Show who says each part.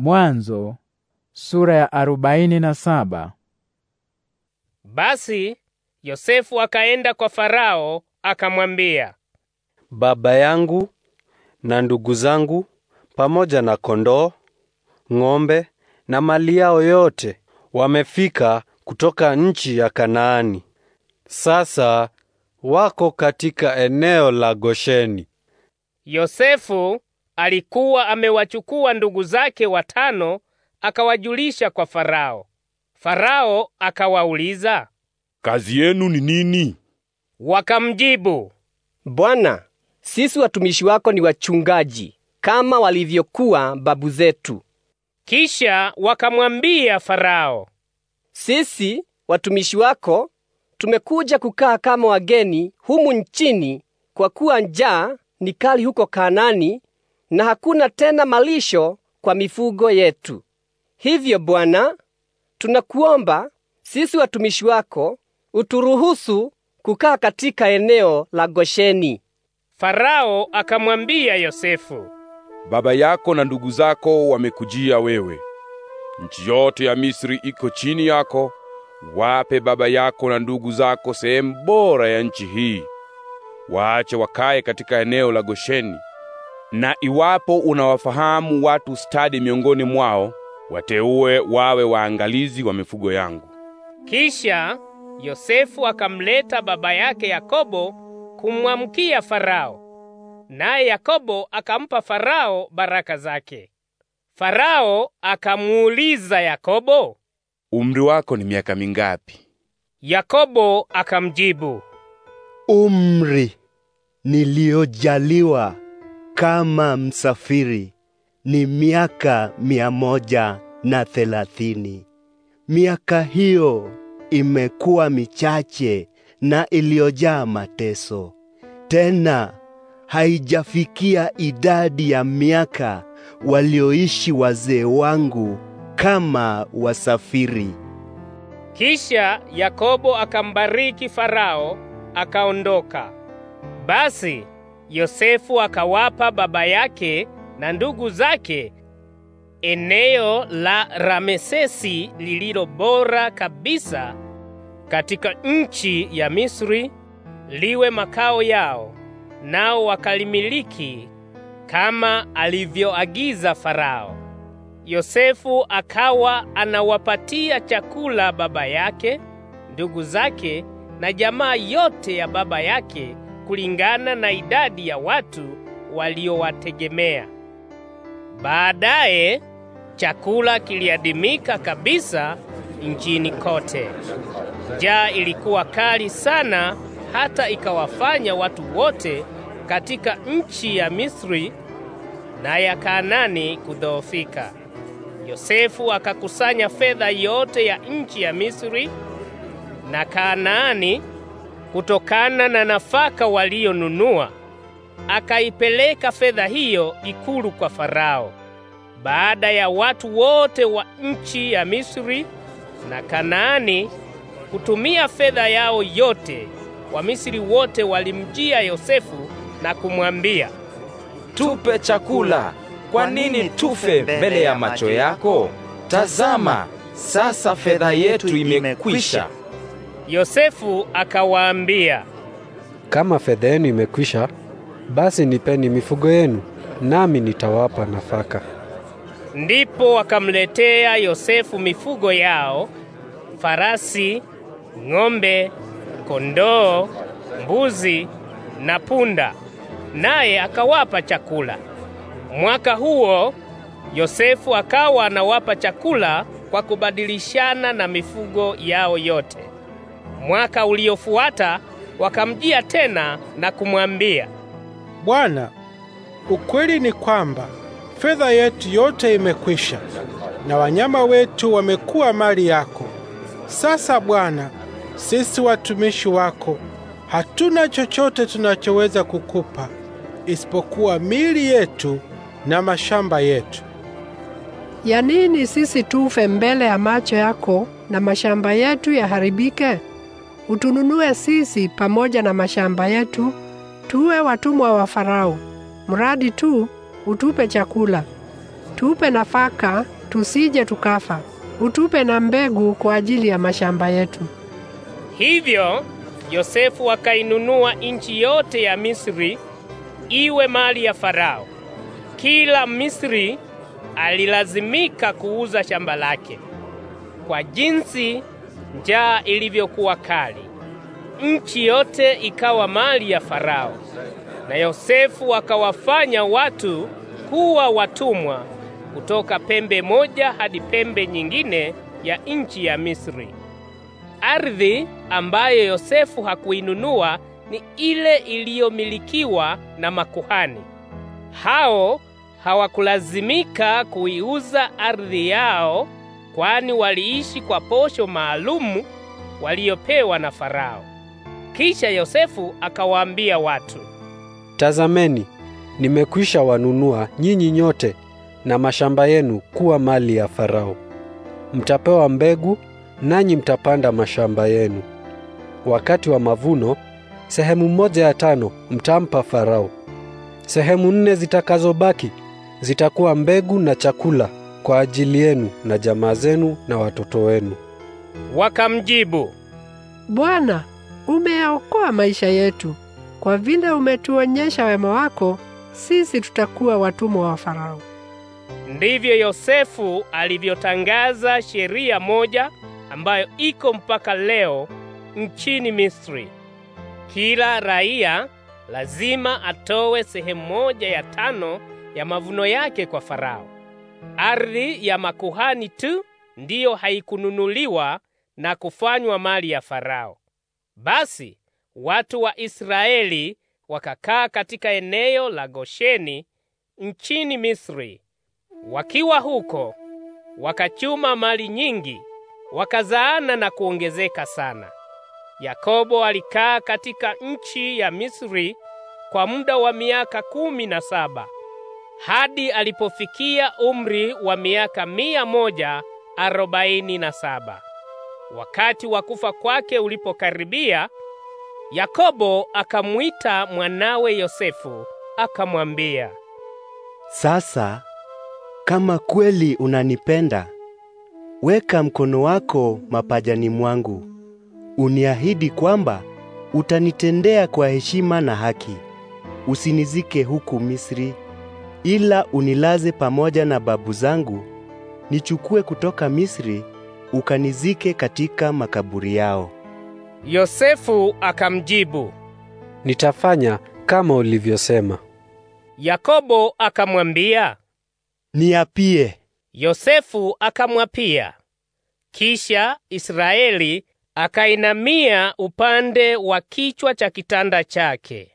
Speaker 1: Mwanzo sura ya arobaini na saba.
Speaker 2: Basi Yosefu akaenda kwa Farao akamwambia,
Speaker 1: baba yangu na ndugu zangu pamoja na kondoo, ng'ombe na mali yao yote wamefika kutoka nchi ya Kanaani. Sasa wako katika eneo la Gosheni.
Speaker 2: Yosefu alikuwa amewachukua ndugu zake watano akawajulisha kwa Farao. Farao akawauliza, kazi yenu ni nini? Wakamjibu, Bwana, sisi watumishi wako ni wachungaji kama walivyokuwa babu zetu. Kisha wakamwambia Farao, sisi watumishi wako tumekuja kukaa kama wageni humu nchini, kwa kuwa njaa ni kali huko Kanani na hakuna tena malisho kwa mifugo yetu. Hivyo Bwana, tunakuomba sisi watumishi wako uturuhusu kukaa katika eneo la Gosheni. Farao akamwambia Yosefu,
Speaker 1: baba yako na ndugu zako
Speaker 2: wamekujia wewe. Nchi yote ya Misri iko chini yako. Wape baba yako na ndugu zako sehemu bora ya nchi hii, waache wakae katika eneo la Gosheni na iwapo unawafahamu watu stadi miongoni mwao, wateue wawe waangalizi wa mifugo yangu. Kisha Yosefu akamleta baba yake Yakobo kumwamkia Farao, naye Yakobo akampa Farao baraka zake. Farao akamuuliza Yakobo,
Speaker 1: umri wako ni miaka mingapi?
Speaker 2: Yakobo akamjibu,
Speaker 1: umri niliojaliwa kama msafiri ni miaka mia moja na thelathini. Miaka hiyo imekuwa michache na iliyojaa mateso, tena haijafikia idadi ya miaka walioishi wazee wangu kama wasafiri.
Speaker 2: Kisha Yakobo akambariki Farao akaondoka. Basi Yosefu akawapa baba yake na ndugu zake eneo la Ramesesi lililo bora kabisa katika nchi ya Misri liwe makao yao, nao wakalimiliki kama alivyoagiza Farao. Yosefu akawa anawapatia chakula baba yake, ndugu zake na jamaa yote ya baba yake kulingana na idadi ya watu waliowategemea. Baadaye chakula kiliadimika kabisa nchini kote. Njaa ilikuwa kali sana hata ikawafanya watu wote katika nchi ya Misri na ya Kanani kudhoofika. Yosefu akakusanya fedha yote ya nchi ya Misri na Kanaani kutokana na nafaka walionunua, akaipeleka fedha hiyo ikulu kwa Farao. Baada ya watu wote wa nchi ya Misri na Kanaani kutumia fedha yao yote, Wamisri wote walimjia Yosefu na kumwambia, tupe chakula. Kwa nini tufe mbele ya macho yako? Tazama, sasa fedha yetu imekwisha. Yosefu akawaambia,
Speaker 1: kama fedha yenu imekwisha, basi nipeni mifugo yenu, nami nitawapa nafaka.
Speaker 2: Ndipo wakamletea Yosefu mifugo yao, farasi, ng'ombe, kondoo, mbuzi na punda, naye akawapa chakula. Mwaka huo Yosefu akawa anawapa chakula kwa kubadilishana na mifugo yao yote. Mwaka uliofuata wakamjia tena na kumwambia,
Speaker 1: Bwana, ukweli ni kwamba fedha yetu yote imekwisha na wanyama wetu wamekuwa mali yako. Sasa Bwana, sisi watumishi wako hatuna chochote tunachoweza kukupa isipokuwa mili yetu na mashamba yetu.
Speaker 2: Ya nini sisi tufe mbele ya macho yako na mashamba yetu yaharibike? utununue sisi pamoja na mashamba yetu, tuwe watumwa wa Farao, mradi tu utupe chakula, tupe nafaka, tusije tukafa, utupe na mbegu kwa ajili ya mashamba yetu. Hivyo Yosefu akainunua nchi yote ya Misri iwe mali ya Farao. Kila Misri alilazimika kuuza shamba lake kwa jinsi njaa ilivyokuwa kali. Nchi yote ikawa mali ya Farao, na Yosefu akawafanya watu kuwa watumwa kutoka pembe moja hadi pembe nyingine ya nchi ya Misri. Ardhi ambayo Yosefu hakuinunua ni ile iliyomilikiwa na makuhani. Hao hawakulazimika kuiuza ardhi yao kwani waliishi kwa posho maalumu waliopewa na Farao. Kisha Yosefu akawaambia watu,
Speaker 1: tazameni, nimekwisha wanunua nyinyi nyote na mashamba yenu kuwa mali ya Farao. Mtapewa mbegu nanyi mtapanda mashamba yenu. Wakati wa mavuno, sehemu moja ya tano mtampa Farao. Sehemu nne zitakazobaki zitakuwa mbegu na chakula kwa ajili yenu na jamaa zenu na watoto wenu.
Speaker 2: Wakamjibu, Bwana, umeyaokoa maisha yetu. Kwa vile umetuonyesha wema wako, sisi tutakuwa watumwa wa Farao. Ndivyo Yosefu alivyotangaza sheria moja ambayo iko mpaka leo nchini Misri. Kila raia lazima atowe sehemu moja ya tano ya mavuno yake kwa Farao. Ardhi ya makuhani tu ndiyo haikununuliwa na kufanywa mali ya Farao. Basi watu wa Israeli wakakaa katika eneo la Gosheni nchini Misri. Wakiwa huko wakachuma mali nyingi, wakazaana na kuongezeka sana. Yakobo alikaa katika nchi ya Misri kwa muda wa miaka kumi na saba hadi alipofikia umri wa miaka mia moja arobaini na saba. Wakati wa kufa kwake ulipokaribia, Yakobo akamwita mwanawe Yosefu akamwambia,
Speaker 1: sasa kama kweli unanipenda, weka mkono wako mapajani mwangu, uniahidi kwamba utanitendea kwa heshima na haki, usinizike huku Misri ila unilaze pamoja na babu zangu, nichukue kutoka Misri, ukanizike katika makaburi yao.
Speaker 2: Yosefu akamjibu,
Speaker 1: nitafanya kama ulivyosema.
Speaker 2: Yakobo akamwambia,
Speaker 1: niapie.
Speaker 2: Yosefu akamwapia. Kisha Israeli akainamia upande wa kichwa cha kitanda chake.